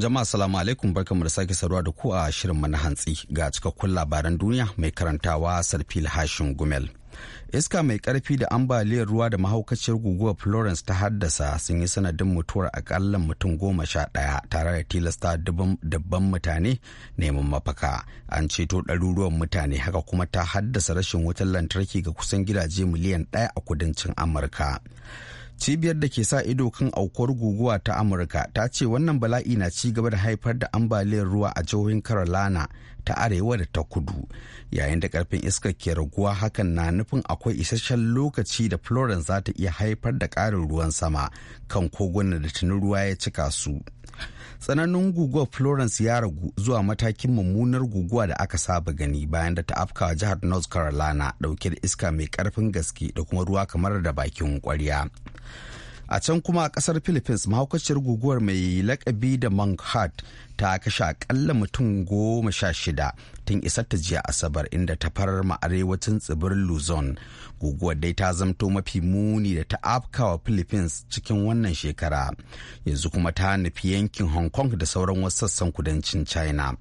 Jama'a salamu alaikum barkamu da sake saruwa da ku a shirin mana hantsi ga cikakkun labaran duniya mai karantawa Sarfil Hashin Gumel. Iska mai karfi da ambaliyar ruwa da mahaukaciyar guguwar Florence ta haddasa sun yi sanadin mutuwar akalla mutum goma sha ɗaya tare da tilasta dabban mutane neman mafaka. An ceto ɗaruruwan mutane haka kuma ta haddasa rashin wutar lantarki ga kusan gidaje miliyan ɗaya a kudancin Amurka. cibiyar da ke sa ido kan aukuwar guguwa ta amurka ta ce wannan bala'i na ci gaba da haifar da ambaliyar ruwa a jihohin carolina ta arewa da ta kudu yayin da karfin iskar ke raguwa hakan na nufin akwai isasshen lokaci da florence za ta iya haifar da ƙarin ruwan sama kan koguna da tuni ruwa ya cika su tsananin guguwar florence ya ragu zuwa matakin mummunar guguwa da aka saba gani bayan da ta afka jihar north carolina dauke da iska mai karfin gaske da kuma ruwa kamar da bakin kwarya a can kuma a kasar philippines mahaukaciyar guguwar mai lakabi da manhat ta kashe akalla mutum goma sha shida tun isar ta jiya asabar inda ta farar ma arewacin tsibirin luzon guguwar dai ta zamto mafi muni da ta afkawa philippines cikin wannan shekara yanzu kuma ta nufi yankin hong kong da sauran wasu sassan kudancin china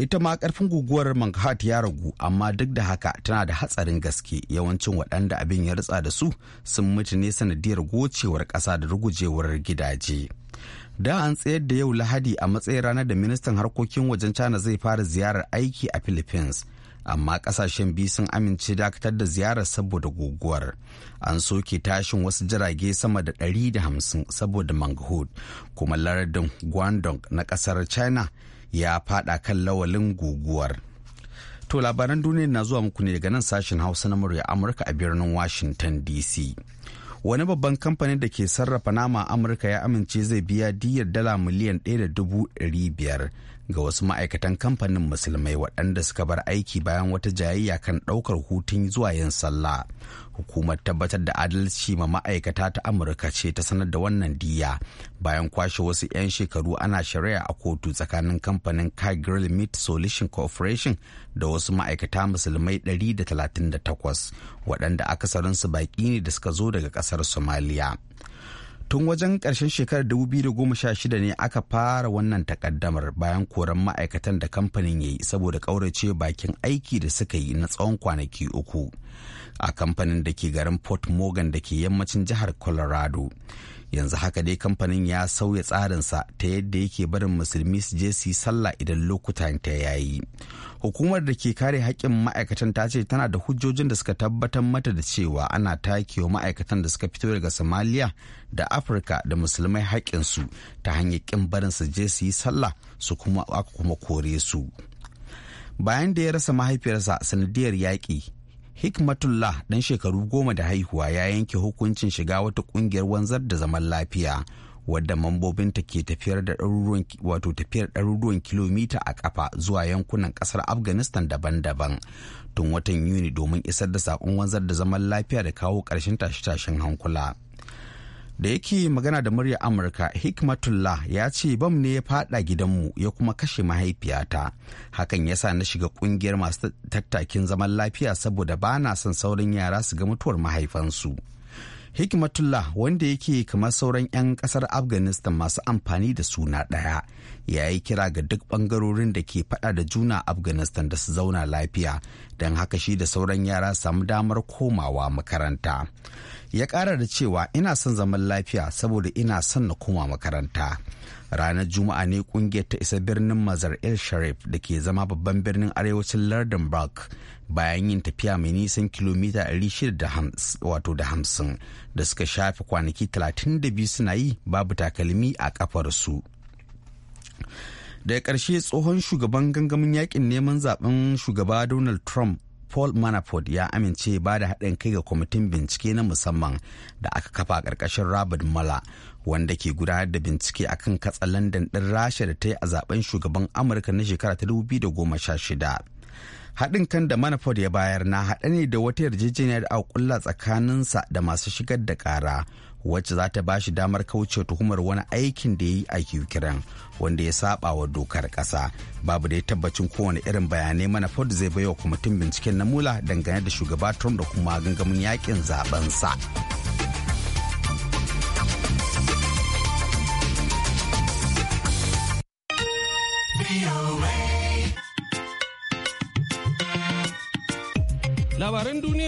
ita ma karfin guguwar manhattan ya ragu amma duk da haka tana da hatsarin gaske yawancin waɗanda abin ya ritsa da su sun mutu ne sanadiyar gocewar ƙasa da rugujewar gidaje da an tsayar da yau lahadi a matsayin ranar da ministan harkokin wajen china zai fara ziyarar aiki a philippines amma kasashen biyu sun amince dakatar da ziyarar saboda guguwar an soke tashin wasu jirage sama da 150 saboda manghud kuma lardin guangdong na kasar china ya fada kan lawalin guguwar. To labaran duniya na zuwa muku ne daga nan sashen Hausa na murya Amurka a birnin Washington DC. Wani babban kamfanin da ke sarrafa nama Amurka ya amince zai biya diyar dala miliyan ɗaya da dubu biyar ga wasu ma'aikatan kamfanin musulmai waɗanda suka bar aiki bayan wata jayayya kan ɗaukar hutun zuwa yin sallah hukumar tabbatar da adalci ma ma'aikata ta amurka ce ta sanar da wannan diya bayan kwashe wasu 'yan shekaru ana shari'a a kotu tsakanin kamfanin kagrill meat solution corporation da wasu ma'aikata musulmai 138 waɗanda akasarinsu baƙi ne da suka zo daga ƙasar somaliya tun wajen ƙarshen shekarar 2016 ne aka fara wannan takaddamar bayan koran ma'aikatan da kamfanin ya yi saboda ƙaurace bakin aiki da suka yi na tsawon kwanaki uku a kamfanin da ke garin port morgan da ke yammacin jihar colorado yanzu haka dai kamfanin ya sauya tsarinsa ta yadda yake barin musulmi su je su yi sallah idan lokutan ta yayi hukumar da ke kare haƙƙin ma'aikatan ta ce tana da hujjojin da suka tabbatar mata da cewa ana takewa ma'aikatan da suka fito daga somalia da afirka da musulmai haƙƙinsu ta hanyar ƙin barin su je su yi sallah su kuma aka kuma kore su bayan da ya rasa mahaifiyarsa sanadiyar yaƙi hikmatullah dan shekaru goma da haihuwa ya yanke hukuncin shiga wata kungiyar wanzar da zaman lafiya wadda mambobinta ke tafiyar da ɗaruruwan tafiyar ɗaruruwan kilomita a ƙafa zuwa yankunan ƙasar afghanistan daban-daban tun watan yuni domin isar da saƙon wanzar da zaman lafiya da kawo ƙarshen tashe-tashen hankula. da yake magana da murya amurka hikmatullah ya ce bam ne ya fada gidanmu ya kuma kashe mahaifiyata hakan yasa na shiga kungiyar masu tattakin zaman lafiya saboda ba na son sauran yara su ga mutuwar mahaifansu Hikimatullah wanda yake kamar sauran 'yan kasar Afghanistan masu amfani da suna ɗaya ya yi kira ga duk ɓangarorin da ke faɗa da juna Afghanistan da su zauna lafiya don haka shi da sauran yara samu damar komawa makaranta. Ya kara da cewa ina son zaman lafiya saboda ina son na koma makaranta. ranar juma'a ne kungiyar ta isa birnin mazar el sharif da ke zama babban birnin arewacin lardin bark bayan yin tafiya mai nisan kilomita 650 da suka shafi kwanaki 32 suna yi babu takalmi a kafarsu daga ƙarshe tsohon shugaban gangamin yakin neman zaben shugaba donald trump Paul Manafort ya amince ba da haɗin kai ga kwamitin bincike na musamman da aka kafa a ƙarƙashin Robert Mueller wanda ke gudanar da bincike a kan katsa london ɗin rasha da ta yi a zaben shugaban amurka na shekara ta dubu da sha shida. haɗin kan da manafod ya bayar na haɗa ne da wata yarjejeniyar a kulla tsakaninsa da masu shigar da ƙara wacce za ta ba damar kauce tuhumar wani aikin da ya yi a ukraine wanda ya saba wa dokar ƙasa babu da ya tabbacin kowane irin bayanai manafod zai baiwa kwamitin binciken na mula dangane da shugaba trump da kuma gangamin yakin zaben sa.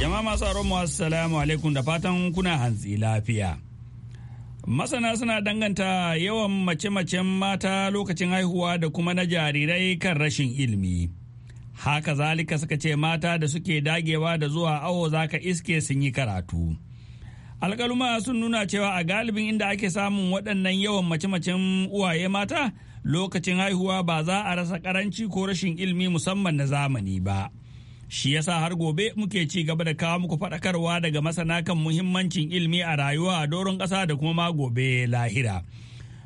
Jama'a masu mu assalamu alaikum da fatan kuna hantsi lafiya. Masana suna danganta yawan mace-macen mata lokacin haihuwa da kuma na jarirai kan rashin ilimi. Haka zalika suka ce mata da suke dagewa da zuwa awo zaka iske sun yi karatu. alkaluma sun nuna cewa a galibin inda ake samun waɗannan yawan mace-macen uwaye mata lokacin haihuwa ba za a rasa ƙaranci ko rashin ilimi musamman na zamani ba. Shi yasa har gobe muke ci gaba da kawo muku faɗakarwa daga masana kan muhimmancin ilimi a rayuwa a doron ƙasa da kuma ma gobe lahira.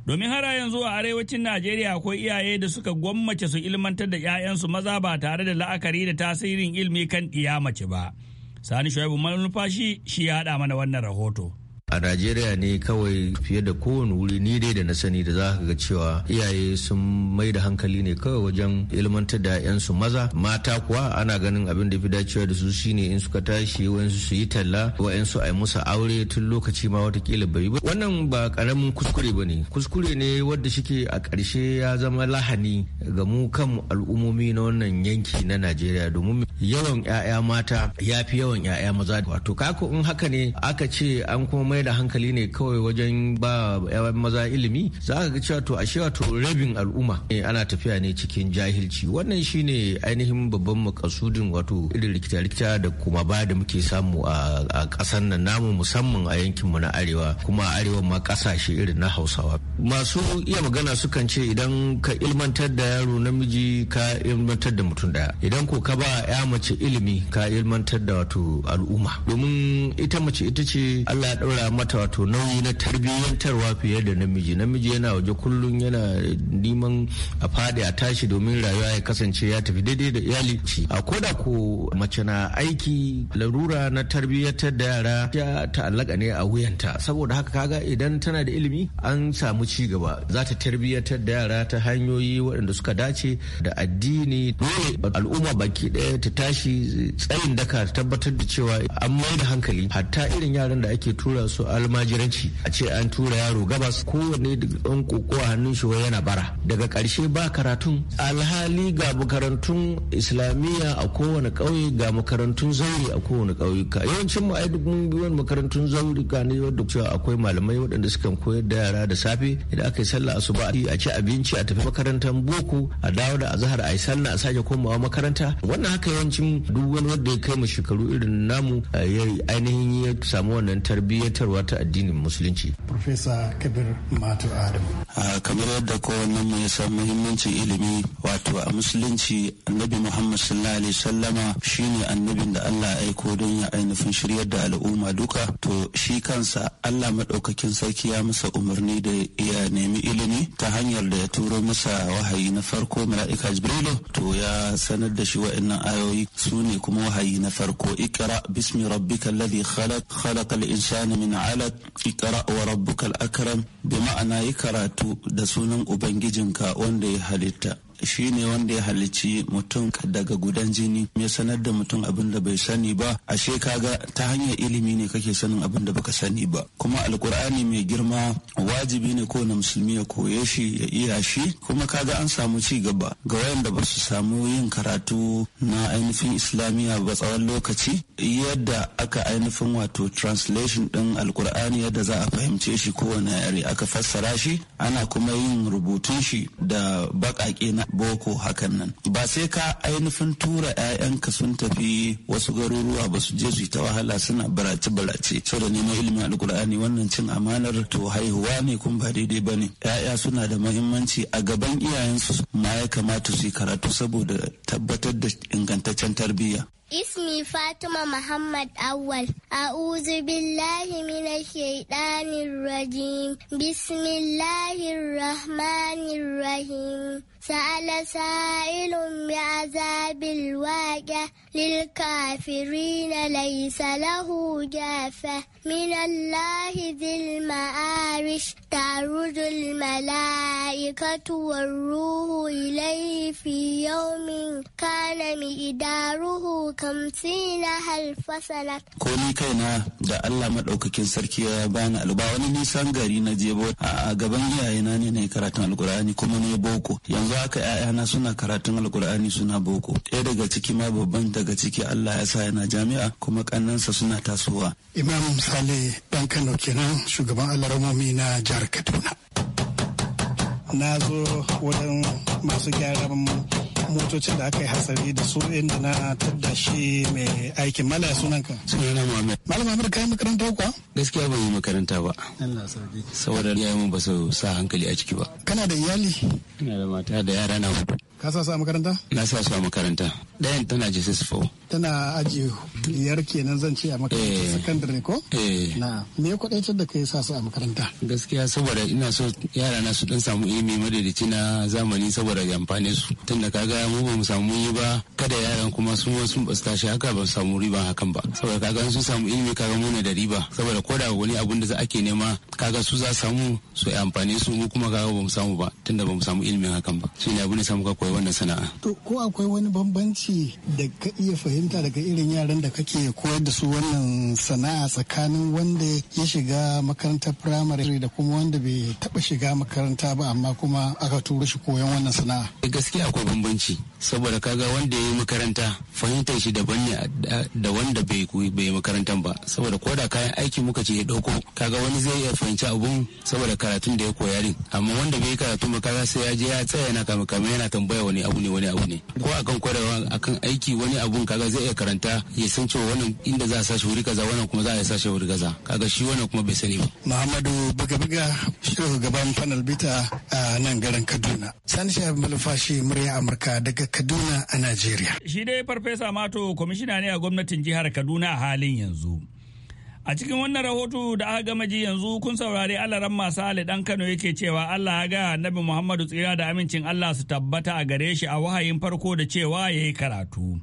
Domin har yanzu a arewacin Najeriya akwai iyaye da suka gwammace su ilmantar da 'ya'yansu maza ba tare da la'akari da tasirin ilimi kan iya mace ba. Sani Shuaibu Malumfashi shi ya haɗa mana wannan rahoto. a najeriya ne kawai fiye da kowane wuri ni dai da na sani da za ka ga cewa iyaye sun mai da hankali ne kawai wajen ilmantar da 'yansu maza mata kuwa ana ganin abin da fi dacewa da su shine in suka tashi wayansu su yi talla wayansu a yi musu aure tun lokaci ma watakila bai ba wannan ba karamin kuskure ba ne kuskure ne wadda shike a ƙarshe ya zama lahani ga mu kan al'ummomi na wannan yanki na najeriya domin yawan 'ya'ya mata ya fi yawan 'ya'ya maza wato kako in haka ne aka ce an kuma mai da hankali ne kawai wajen ba yawan maza ilimi za ka ga cewa to ashe wato rabin al'umma eh, ana tafiya ne cikin jahilci wannan shine ainihin babban makasudin wato irin rikita-rikita da kuma ba da muke samu a ƙasar nan namu musamman a yankin mu na arewa kuma arewa ma ƙasashe irin na hausawa masu iya magana sukan ce idan ka ilmantar da yaro namiji ka ilmantar da mutum daya idan ko ka ba ya mace ilimi ka ilmantar da wato al'umma domin ita mace ita ce Allah ya daura mata wato nauyi na tarbiyyantarwa fiye da namiji namiji yana waje kullum yana neman a fadi a tashi domin rayuwa ya kasance ya tafi daidai da iyali a koda ko mace na aiki larura na tarbiyyantar da yara ya ta'allaka ne a wuyanta saboda haka kaga idan tana da ilimi an samu ci gaba za ta tarbiyyantar da yara ta hanyoyi waɗanda suka dace da addini dole al'umma baki ɗaya ta tashi tsayin daka tabbatar da cewa an mai da hankali hatta irin yaran da ake tura su su almajiranci a ce an tura yaro gabas kowane ɗan koko hannun shi yana bara daga karshe ba karatun alhali ga makarantun islamiyya a kowane ƙauye ga makarantun zauri a kowane ƙauyuka yawancin mu ai duk mun bi wani makarantun zauri ka ne wadda cewa akwai malamai waɗanda suka koyar da yara da safe idan aka yi sallah asuba a ci abinci a tafi makarantar boko a dawo da azahar a yi sallah a sake komawa makaranta wannan haka yawancin duk wani wanda ya kai mu shekaru irin namu ya ainihin ya samu wannan tarbiyyar karantarwa ta addinin musulunci. Profesa Kabir Matu Adam. Kamar yadda kowannen mu ya san muhimmancin ilimi wato a musulunci annabi Muhammad sallallahu alaihi sallama shine annabin da Allah ya aiko don ya ainihin shiryar da al'umma duka to shi kansa Allah madaukakin sarki ya masa umarni da ya nemi ilimi ta hanyar da ya turo masa wahayi na farko mala'ika Jibrilu to ya sanar da shi wa'annan ayoyi su ne kuma wahayi na farko ikra bismi rabbika alladhi khalaq khalaqal insana min ta'ala ikara wa rabbukal akram bi ma'ana yi karatu da sunan ubangijinka wanda ya halitta Shi ne wanda ya halicci mutum daga gudan jini ya sanar da mutum abin da bai sani ba ashe kaga ta hanyar ilimi ne kake sanin abin da baka sani ba kuma alkur'ani mai girma wajibi ne ko na musulmi ya koye shi ya iya shi kuma kaga an samu ci gaba ga wayanda ba su samu yin karatu na ainihin islamiyya ba tsawon lokaci yadda aka ainihin wato translation din alkur'ani yadda za a fahimce shi kowane yare aka fassara shi ana kuma yin rubutun shi da baƙaƙe na boko hakan nan ba sai ka ainihin tura 'ya'yanka sun tafi wasu garuruwa ba su je su yi ta wahala suna barace barace saboda da neman ilimin alkur'ani wannan cin amanar to haihuwa ne kun ba daidai ba ne 'ya'ya suna da mahimmanci a gaban iyayensu ma ya kamata su yi karatu saboda tabbatar da ingantaccen tarbiyya Ismi Fatima Muhammad Awal. أعوذ billahi minash الشيطان rajim, Bismillahir Rahmanir Rahim. سأل سائل بعذاب الواجة للكافرين ليس له جافة من الله ذي المعارش تعرج الملائكة والروح إليه في يوم كان مقداره خمسين هل فصلت كوني كينا da Allah maɗaukakin sarki ya bani alba wani nisan gari na je a gaban iyayena ne na karatun alkur'ani yanzu haka ‘ya'yana suna karatun alkur'ani suna boko ɗaya daga ciki ma babban daga ciki allah ya sa yana jami'a kuma ƙannansa suna tasowa imam sale ɗan kano kenan shugaban alaramomi na jihar kaduna na zo wurin masu gyaran motocin da aka yi hatsari da su inda na tadda shi mai aikin mala sunan ka sunana muhammad malam muhammad kai makaranta kuwa gaskiya ban yi makaranta ba Allah sauki saboda iyayen ba su sa hankali a ciki ba kana da iyali ina da mata da yara na hudu ka sa su a makaranta na sa su a makaranta ɗayan tana jesus 4 tana aji biyar kenan zan ce a makarantar eh. sakandare ko eh. na me ya kwadaitar da ka sa su a makaranta gaskiya saboda ina so yara na su dan samu ilimi madadaci na zamani saboda ya amfane su tunda kaga bayan mu ba mu kada yaran kuma su wasu ba su tashi haka ba samu riba hakan ba saboda kaga sun samu ilimi kaga mu ne da riba saboda koda wani abun da za ake nema kaga su za samu su yi amfani su mu kuma kaga ba mu samu ba tunda ba mu samu ilimin hakan ba shi ne abu da samu ka koyi wannan sana'a to ko akwai wani bambanci da ka iya fahimta daga irin yaran da kake koyar da su wannan sana'a tsakanin wanda ya shiga makarantar firamare da kuma wanda bai taba shiga makaranta ba amma kuma aka tura shi koyon wannan sana'a eh, gaskiya akwai bambanci saboda kaga wanda ya makaranta fahimtar shi daban ne da wanda bai bai makarantan ba saboda ko da kayan aiki muka ce ya dauko kaga wani zai iya fahimci abun saboda karatun da ya koya din amma wanda bai karatu makaranta sai ya je ya tsaya yana kama kama yana tambaya wani abu ne wani abu ne ko akan kwarewa akan aiki wani abun kaga zai iya karanta ya san cewa wannan inda za a sashi wuri kaza wannan kuma za a sashi wuri kaza kaga shi wannan kuma bai sani ba Muhammadu buga buga shi gaban panel bita a nan garin Kaduna. Sani Malfashi murya Amurka daga Kaduna a Najeriya. Shi dai Farfesa Mato kwamishina ne a gwamnatin jihar Kaduna a halin yanzu. A cikin wannan rahoto da aka gama ji yanzu kun saurari alaran masu Ali dan Kano yake cewa Allah ya ga Nabi Muhammadu tsira da amincin Allah su tabbata a gare shi a wahayin farko da cewa ya yi karatu.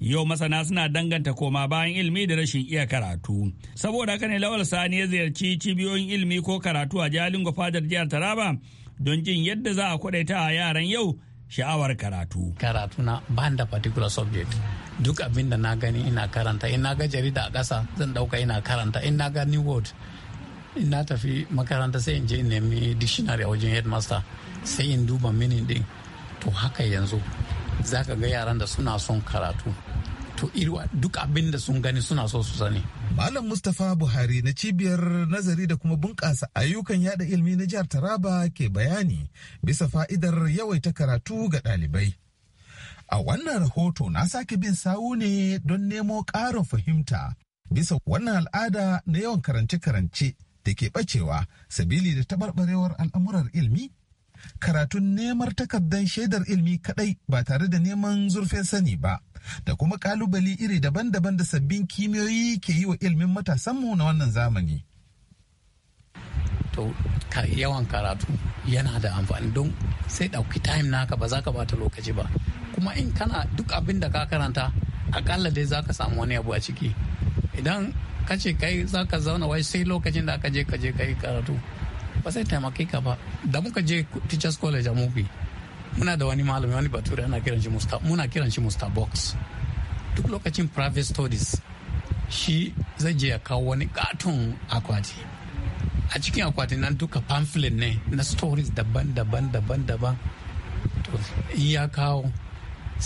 Yau masana suna danganta koma bayan ilimi da rashin iya karatu. Saboda haka ne Lawal Sani ya ziyarci cibiyoyin ilimi ko karatu a Jalingo Fadar jihar Taraba don jin yadda za a kwadaita a yaran yau sha'awar karatu. Karatu na ban da particular subject. Duk abin da na gani ina karanta, in na ga jarida a ƙasa zan ɗauka ina karanta, in na ga new world in na tafi makaranta sai in je in nemi dictionary a wajen headmaster sai in duba minin din. To haka yanzu za ga yaran da suna son karatu to duk abin da sun gani suna so su sani. Malam Mustapha Buhari na cibiyar nazari da kuma bunƙasa ayyukan yada ilmi na jihar Taraba ke bayani bisa fa'idar yawaita karatu ga ɗalibai. A wannan rahoto na sake bin sawu ne don nemo ƙarin fahimta bisa wannan al'ada na yawan karance-karance da ke ɓacewa sabili da taɓarɓarewar al'amurar ilmi karatun neman takardar shaidar ilmi kadai ba tare da neman zurfin sani ba da kuma kalubali iri daban-daban da sabbin kimiyoyi ke yi wa ilmin matasanmu na wannan zamani. To, yawan karatu yana da amfani don sai ɗauki time naka ba za ka bata lokaci ba. Kuma in kana duk abin da ka karanta, akalla dai za ka samu wani abu a ciki. Idan ka ce kai za ka zauna wai sai lokacin da aka je ka je ka yi karatu. ba zai taimake ka ba da muka je teachers college a mubi muna da wani malami wani bature ana kiran shi musta muna kiran shi musta box duk lokacin private studies shi zai je ya kawo wani katon akwati a cikin akwati nan duka pamphlet ne na stories daban-daban daban-daban to in ya kawo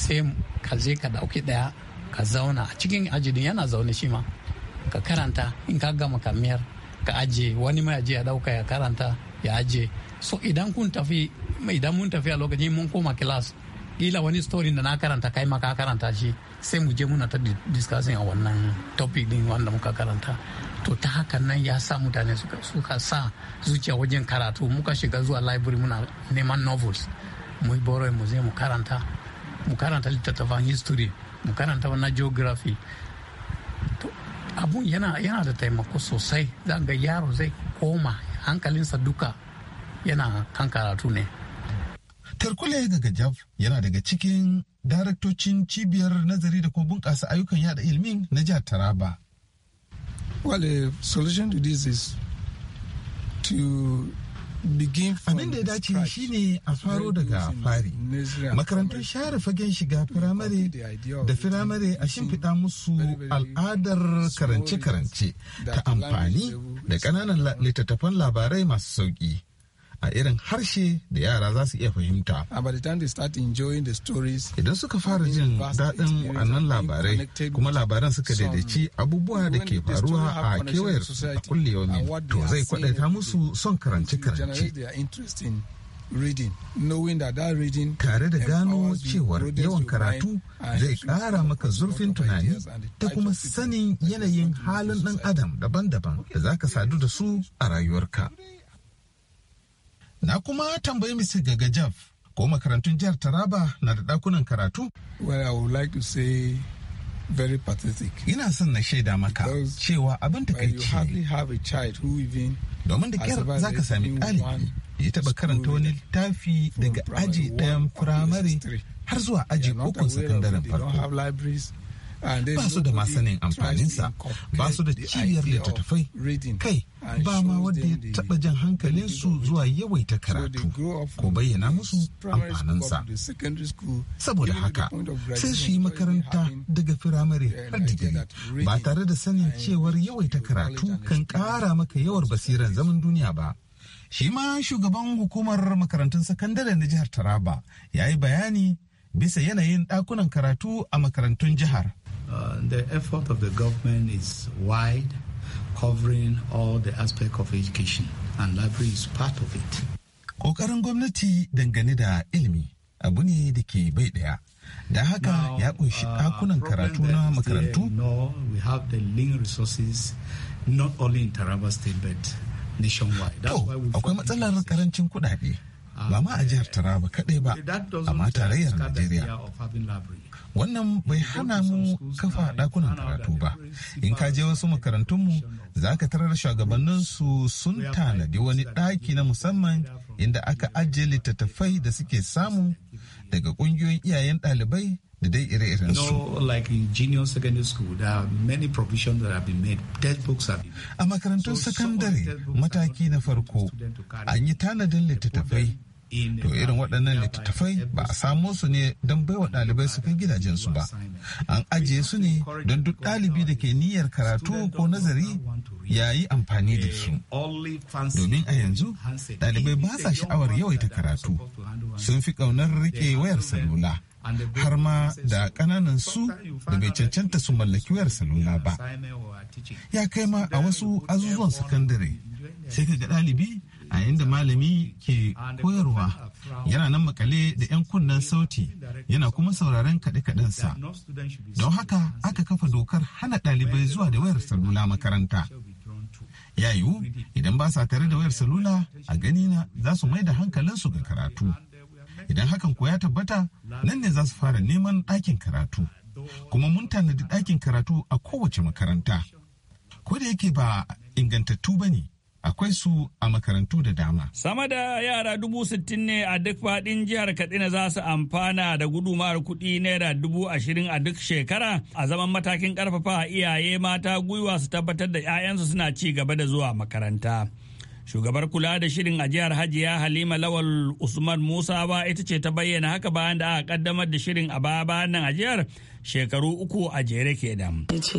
sai ka je ka dauki daya ka zauna a cikin ajidin yana zaune shi ma ka karanta in ka gama kamiyar ka ajiye wani mai ajiye ya dauka ya karanta ya ajiye so idan kun tafi idan mun tafi a lokacin mun koma kilas Ila wani story da na karanta kai ma ka karanta shi sai mu je muna ta discussing a wannan topic din wanda muka karanta to ta haka nan ya sa mutane suka sa zuciya wajen karatu muka shiga zuwa library muna neman novels mu borrow mu je mu karanta mu karanta littattafan history mu karanta na geography abun yana yana da taimako sosai zan ga yaro zai koma hankalinsa duka yana kan karatu ne tarkule ga gajab yana daga cikin daraktocin cibiyar nazari da kuma bunƙasa ayyukan yada ilimin na jihar taraba well the solution to this is to abin da ya dace shine a faro daga fari makarantun share fagen shiga firamare da firamare a shimfiɗa musu al'adar karance-karance ta amfani da ƙananan littattafan labarai masu sauƙi a irin harshe da yara za su iya fahimta. Idan suka fara jin daɗin wannan labarai kuma labaran suka daidaici abubuwa da ke faruwa a kewayar a kulle to zai kwaɗaita musu son karance-karance. tare da gano cewar yawan karatu zai kara maka zurfin tunani ta kuma sanin yanayin halin ɗan adam daban-daban da za ka sadu da su a rayuwarka Na kuma tambayi Mr. Gagajaf ko makarantun jihar Taraba na da dakunan karatu? Well, I would like to say very pathetic. Ina son na shaida maka cewa abin takaici domin da kyar za ka sami ɗalibi ya taɓa karanta wani littafi daga aji ɗayan firamare har zuwa aji ukun sakandaren farko. ba su da masanin amfaninsa ba su da cibiyar littattafai kai ba ma wanda ya taɓa jan hankalinsu zuwa yawaita karatu ko bayyana musu amfaninsa saboda haka sai su yi makaranta daga firamare har digiri ba tare da sanin cewar yawaita karatu kan ƙara maka yawar basiran zaman duniya ba shi ma shugaban hukumar makarantun sakandare na jihar taraba ya yi bayani bisa yanayin ɗakunan karatu a makarantun jihar Uh, the effort of the government is wide, covering all the aspects of education, and library is part of it. Ƙoƙarin gwamnati dangane da ilimi abu ne da ke bai ɗaya. Da haka ya ƙunshi uh, ɗakunan karatu na makarantu. We have the link resources not only in Taraba State but nationwide. akwai matsalar karancin kuɗaɗe. ba ma a jihar Taraba kaɗai ba amma tarayyar Najeriya. Wannan bai hana mu kafa ɗakunan karatu ba. In ka je wasu makarantunmu za ka tarar shugabanninsu sun tanadi wani ɗaki na musamman inda aka ajiye littattafai da suke samu daga ƙungiyoyin iyayen ɗalibai da dai ire-iren su. A makarantun sakandare mataki na farko an yi tanadin littattafai To irin waɗannan littattafai ba a samo su ne don baiwa ɗalibai su kai gidajensu ba. An ajiye su ne don duk ɗalibi da ke niyyar karatu ko nazari ya yi amfani da su. Domin a yanzu ɗalibai ba sa sha'awar yawaita karatu. Sun fi ƙaunar riƙe wayar salula. har ma da ƙananan su da bai cancanta su mallaki wayar salula ba. Ya kai ma a wasu azuzuwan sakandare sai ka ga ɗalibi a inda malami ke koyarwa yana nan makale da 'yan kunnen sauti yana kuma sauraren kaɗe-kaɗensa don haka aka kafa dokar hana ɗalibai zuwa da wayar salula makaranta ya idan ba sa tare da wayar salula a ganina za su mai da hankalinsu ga karatu idan hakan ko ya tabbata nan ne za su fara neman ɗakin karatu kuma mun tanadi ɗakin karatu a kowace makaranta ko da yake ba ingantattu ba ne akwai su a makarantu da dama. Sama da yara dubu sittin ne a duk faɗin jihar Kaduna za su amfana da gudumar kuɗi naira dubu ashirin a duk shekara a zaman matakin ƙarfafa iyaye mata gwiwa su tabbatar da 'ya'yansu suna ci gaba da zuwa makaranta. Shugabar kula da shirin a jihar Hajiya Halima Lawal Usman Musa ba ita ce ta bayyana haka bayan da aka ƙaddamar da shirin a baya bayan nan a jihar shekaru uku a jere kenan. ce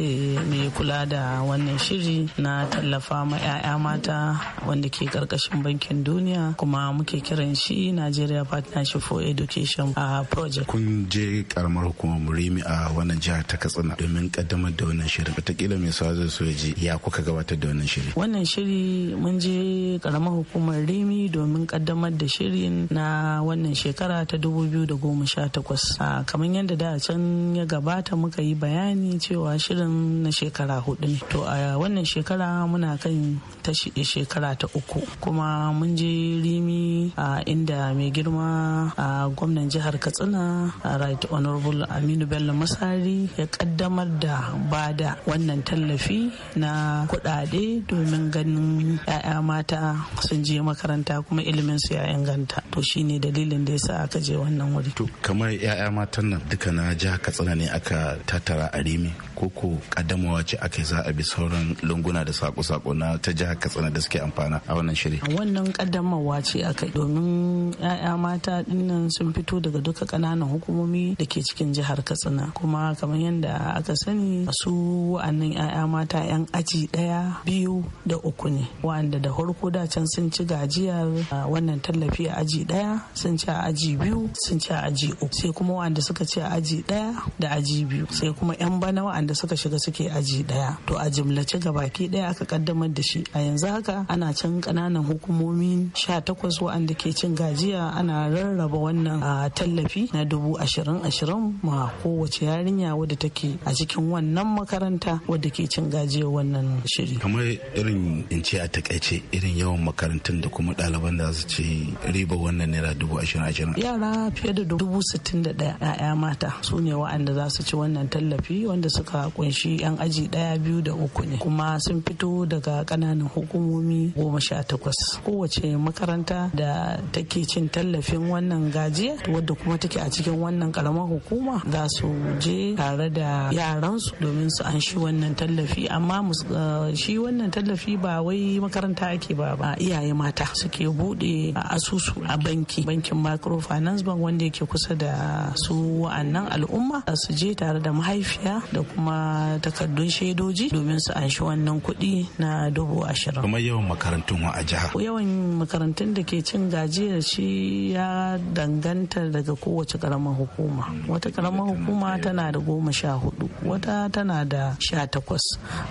mai kula da wannan shiri na tallafa ma 'ya'ya mata wanda ke karkashin bankin duniya kuma muke kiran shi Nigeria Partnership for Education a project. Kun je karamar hukumar Murimi a wannan jihar ta Katsina domin kaddamar da wannan shirin. Wataƙila mai sawa ji ya kuka gabatar da wannan shiri. Wannan shiri mun je karamar hukumar Rimi domin kaddamar da shirin na wannan shekara ta 2018. Kamar yadda da can ya gabata muka yi bayani cewa shirin na shekara hudu ne to a wannan shekara muna kan ta shekara ta uku kuma mun je rimi a inda mai girma a gwamnan jihar katsina a right honorable aminu bello masari ya kaddamar da bada wannan tallafi na kudade domin ganin 'ya'ya mata sun je makaranta kuma ilimin su ya inganta to shine dalilin da yasa aka je wannan wuri to kamar 'ya'ya matan nan duka na jihar katsina ne aka tattara a rimi koko kaddamawa ce aka za a bi sauran lunguna da sako-sako na ta jihar katsina da suke amfana a wannan shiri wannan kaddamawa ce aka yi. domin 'ya'ya mata dinnan sun fito daga duka kananan hukumomi da ke cikin jihar katsina kuma kamar yadda aka sani su wa'annan 'ya'ya mata 'yan aji daya biyu da uku ne wa'anda da farko da can sun ci gajiyar wannan tallafi a aji daya sun ci a aji biyu sun ci a aji uku sai kuma wa'anda suka ci a aji daya da aji biyu sai kuma 'yan bana waɗanda suka shiga suke aji daya to a jimlace gabaki daya aka kaddamar da shi a yanzu haka ana can kananan hukumomi sha takwas waɗanda ke cin gajiya ana rarraba wannan tallafi na dubu ashirin ashirin ma kowace yarinya wadda take a cikin wannan makaranta wadda ke cin gajiya wannan shiri kamar irin in ce a takaice irin yawan makarantun da kuma ɗaliban da su ce riba wannan naira dubu ashirin ashirin yara fiye da dubu sittin da ɗaya 'ya'ya mata su ne wa'anda za su ci wannan tallafi wanda suka kunshi 'yan aji ɗaya biyu da uku ne kuma sun fito daga ƙananan hukumomi goma sha takwas kowace makaranta da take cin tallafin wannan gajiya wadda kuma take a cikin wannan karamar hukuma za su je tare da yaransu domin su an shi wannan tallafi amma eh, shi wannan tallafi ba wai makaranta ake ba ba iyaye mata suke bude asusu a banki bankin microfinance bank wanda yake kusa da su wa'annan al'umma su su je tare da mahaifiya da kuma takardun shaidoji domin su anshi wannan kuɗi na dubu ashirin. Kuma yawan makarantun wa a jiha. Yawan makarantun da ke cin gajiyar shi ya danganta daga kowace karamar hukuma. Wata karamar hukuma tana da goma sha hudu, wata tana da sha takwas.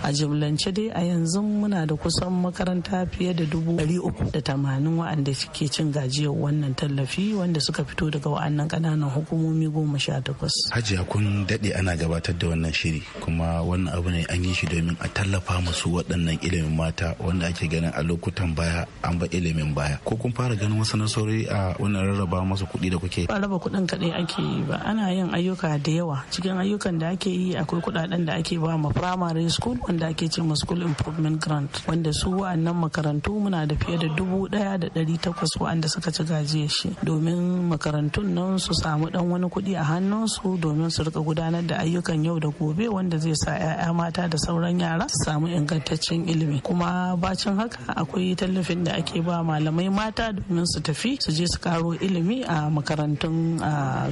A jimlance dai a yanzu muna da kusan makaranta fiye da dubu ɗari uku da tamanin wa'anda ke cin gajiyar wannan tallafi wanda suka fito daga wa'annan kananan hukumomi goma sha takwas. Hajiya kun an daɗe ana gabatar da wannan shiri kuma wannan abu ne an yi shi domin a tallafa musu waɗannan ilimin mata wanda ake ganin a lokutan baya an ba ilimin baya ko kun fara ganin wasu nasarori a wannan rarraba masu kuɗi da kuke ba raba kuɗin kaɗai ake yi ba ana yin ayyuka da yawa cikin ayyukan da ake yi akwai kuɗaɗen da ake ba ma primary school wanda ake ce ma school improvement grant wanda su wa'annan makarantu muna da fiye da dubu ɗaya da ɗari takwas wa'anda suka ci gajiyar shi domin makarantun nan su samu ɗan wani kuɗi a hannunsu domin su rika rinka gudanar da ayyukan yau da gobe wanda zai sa 'ya'ya mata da sauran yara su samu ingantaccen ilimi kuma bacin haka akwai tallafin da ake ba malamai mata domin su tafi su je su karo ilimi a makarantun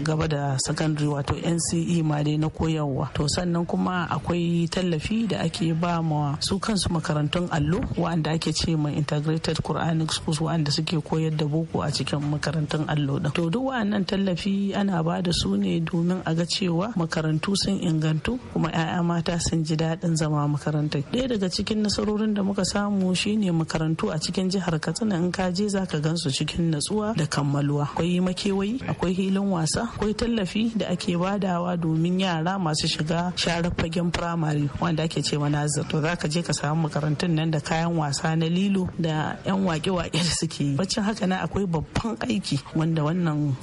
gaba da secondary wato nce ma dai na koyarwa to sannan kuma akwai tallafi da ake ba ma su kansu makarantun allo wa'anda ake ce ma integrated quranic schools wa'anda suke koyar da boko a cikin makarantun allo din to duk wa'annan tallafi ana ba da su ne domin a ga cewa makarantu sun ingantu kuma 'ya'ya mata sun ji daɗin zama makarantar ɗaya daga cikin nasarorin da muka samu shine makarantu a cikin jihar katsina in ka je za ka gansu cikin natsuwa da kammaluwa akwai makewayi akwai hilin wasa akwai tallafi da ake badawa domin yara masu shiga sharar fagen firamare wanda ake ce manazir to za ka je ka samu makarantun nan da kayan wasa na lilo da 'yan wake-wake da suke yi bacin haka na akwai babban aiki wanda wannan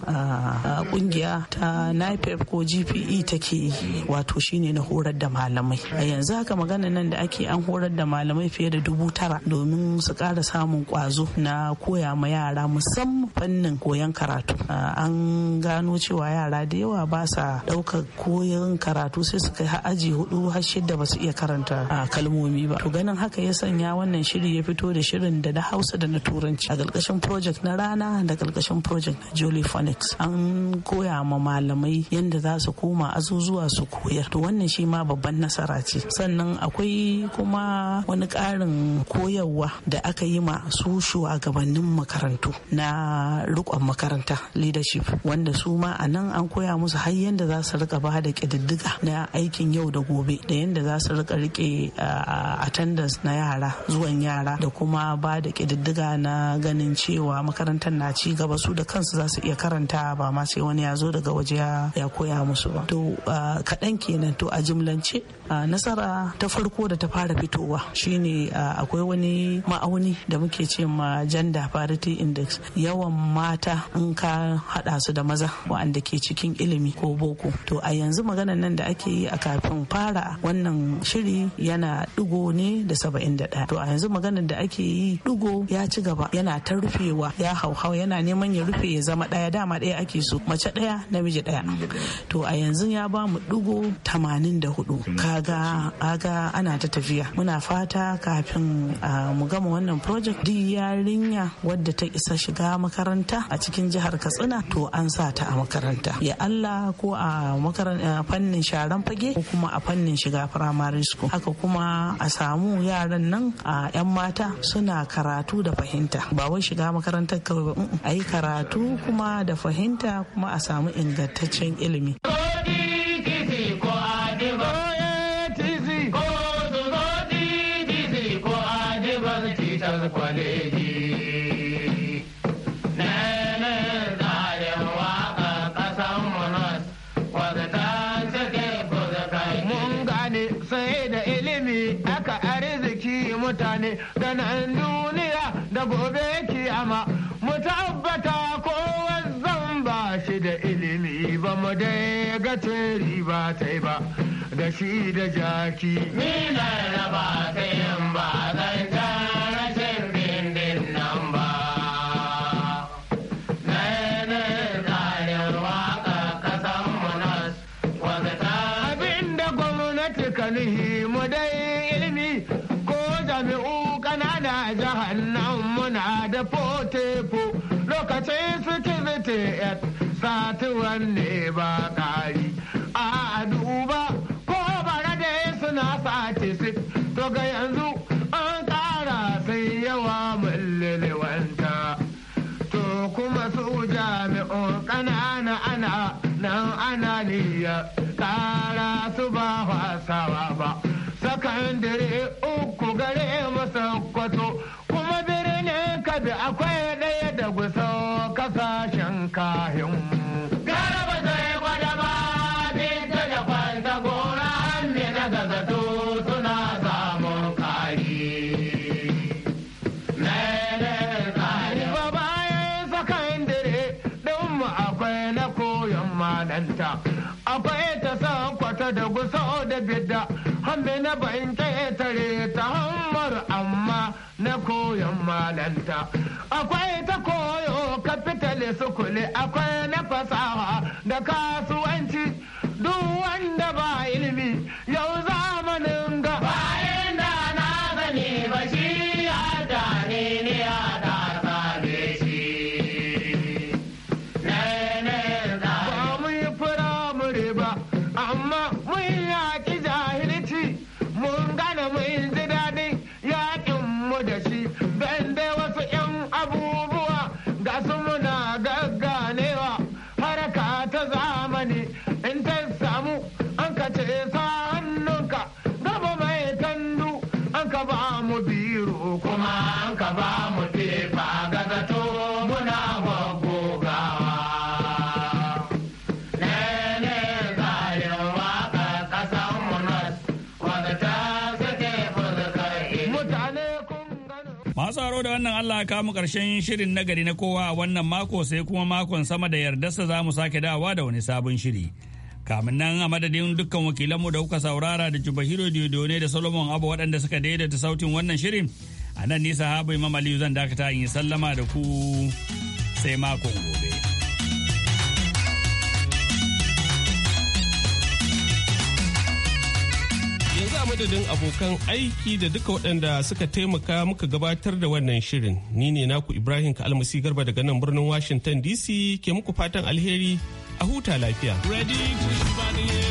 kungiya ah, ah, ta nipep ko gpe yi take wato shine na horar da malamai a yanzu haka magana nan da ake an horar da malamai fiye da dubu tara domin su kara samun kwazo na koya ma yara musamman fannin koyon karatu an gano cewa yara da yawa ba sa ɗaukar koyon karatu sai su kai aji hudu har shida ba su iya karanta kalmomi ba to ganin haka ya sanya wannan shiri ya fito da shirin da na hausa da na turanci a ƙarƙashin project na rana da ƙarƙashin project na jolly phonics an koya ma malamai yadda za su koma koma azuzuwa su koyar to wannan shi ma babban nasara ce sannan akwai kuma wani ƙarin koyarwa da aka yi ma su shugabannin makarantu na rikon makaranta leadership wanda su ma a nan an koya musu har yadda za su rika ba da ƙididdiga na aikin yau da gobe da yadda za su rika rike ah, attendance na yara zuwan yara da kuma ba da ƙididdiga na ganin cewa makarantar na ci gaba su da kansu za su iya karanta ba ma sai wani ya zo daga waje ya koya musu ba to kaɗan kenan to a jimlance nasara ta farko da ta fara fitowa shine akwai wani ma'auni da muke ce ma gender parity index yawan mata in ka haɗa su da maza wa'anda ke cikin ilimi ko boko to a yanzu maganan nan da ake yi a kafin fara wannan shiri yana ɗigo ne da saba'in da ɗaya to a yanzu maganan da ake yi ɗigo ya ci gaba yana ta rufewa ya hauhau yana neman ya rufe ya zama ɗaya dama ɗaya ake so mace ɗaya namiji ɗaya to a yanzu yanzu ya ba mu digo 84 kaga aga ana ta tafiya muna fata kafin mu gama wannan project duk yarinya wadda ta isa shiga makaranta a cikin jihar katsina to an sa ta a makaranta ya allah ko a fannin sharan fage ko kuma a fannin shiga primary school haka kuma a samu yaran nan a 'yan mata suna karatu da fahimta ba wai shiga makarantar kawai ba mm, a yi karatu kuma da fahimta kuma a samu ingantaccen ilimi. mu dai gatin riba ta ba da shi da jaki. Ni na raba ta yin ba zan rashin dindin nan ba. Abinda gwamnati ka nihi mu dai ilimi ko jami'u ƙanana jihar nan muna da potepo. lokacin suke zai yat satuwan ne ba ƙari a duba ko bara da suna sace su to ga yanzu an ƙara sai yawa mullilwanta to kuma su jami'un ƙanana ana nan ana niyya ƙara su ba fasawa ba sakandare uku gare masa kwato kuma birnin kabi akwai akwai a faɗe ta san kwata da gusa da bidda hambe na bayin ƙetare ta hammar amma na koyon malanta akwai ta koyo kafitali sukuli akwai na fasaha da kasuwanci duk wanda ba mu biro kuma ka ba mu tefa gaza to muna Masu haro da wannan Allah ka mu karshen shirin nagari na kowa a wannan mako sai kuma makon sama da yardarsa za mu sake dawa da wani sabon shiri. kamin nan a madadin dukkan wakilanmu da kuka saurara da Jubahiro ne da Solomon Abu waɗanda suka daidaita sautin wannan shirin a nan nisa habu Imam Aliyu zan dakata in yi sallama da ku sai makon gobe. Yanzu a madadin abokan aiki da duka waɗanda suka taimaka muka gabatar da wannan shirin ni ne naku Ibrahim Kalmasi Garba daga nan birnin Washington DC ke muku fatan alheri a huta lafiya. Ready to